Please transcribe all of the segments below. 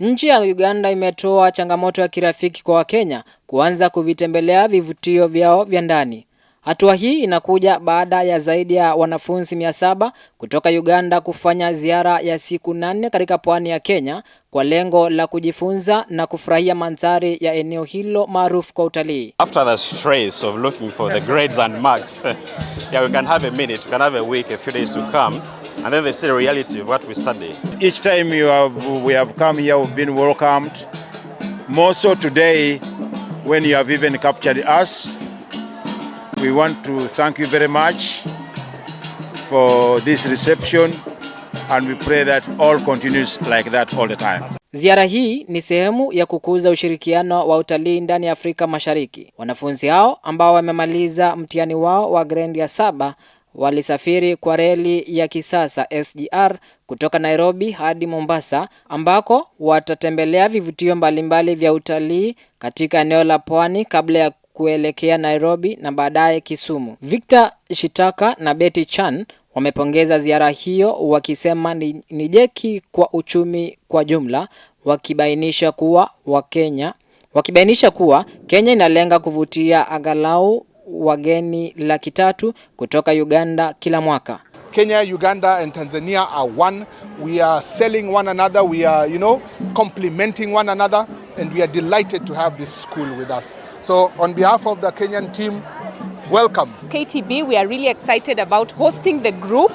Nchi ya Uganda imetoa changamoto ya kirafiki kwa Wakenya kuanza kuvitembelea vivutio vyao vya ndani. Hatua hii inakuja baada ya zaidi ya wanafunzi mia saba kutoka Uganda kufanya ziara ya siku nane katika pwani ya Kenya kwa lengo la kujifunza na kufurahia mandhari ya eneo hilo maarufu kwa utalii. After the stress of looking for the grades and marks, yeah, we can have a minute, we can have a week, a few days to come and then they see the reality of what we study. Each time you have, we have come here, we've been welcomed. More so today, when you have even captured us, we want to thank you very much for this reception and we pray that all continues like that all the time. Ziara hii ni sehemu ya kukuza ushirikiano wa utalii ndani ya Afrika Mashariki. Wanafunzi hao ambao wamemaliza mtihani wao wa grade ya saba walisafiri kwa reli ya kisasa SGR kutoka Nairobi hadi Mombasa ambako watatembelea vivutio mbalimbali vya utalii katika eneo la pwani kabla ya kuelekea Nairobi na baadaye Kisumu. Victor Shitaka na Betty Chan wamepongeza ziara hiyo wakisema ni, ni jeki kwa uchumi kwa jumla, wakibainisha kuwa Wakenya wakibainisha kuwa Kenya inalenga kuvutia angalau wageni laki tatu kutoka Uganda kila mwaka. Kenya, Uganda and Tanzania are one. We are selling one another. We are, you know, complementing one another and we are delighted to have this school with us. So on behalf of the Kenyan team, welcome. KTB, we are really excited about hosting the group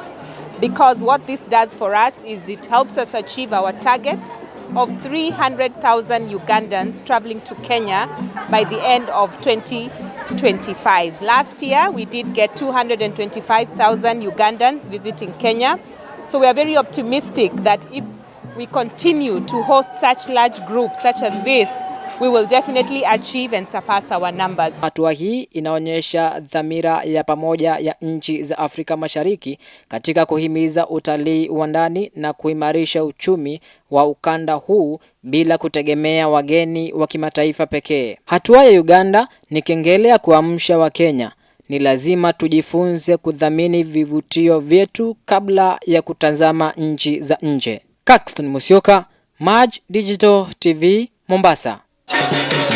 because what this does for us is it helps us achieve our target of 300,000 Ugandans traveling to Kenya by the end of 20 25. Last year we did get 225,000 Ugandans visiting Kenya. So we are very optimistic that if we continue to host such large groups such as this, we will definitely achieve and surpass our numbers. Hatua hii inaonyesha dhamira ya pamoja ya nchi za Afrika Mashariki katika kuhimiza utalii wa ndani na kuimarisha uchumi wa ukanda huu bila kutegemea wageni wa kimataifa pekee. Hatua ya Uganda ni kengele ya kuamsha Wakenya. Ni lazima tujifunze kudhamini vivutio vyetu kabla ya kutazama nchi za nje. Kaxton Musyoka, Maj Digital TV, Mombasa. Thank you.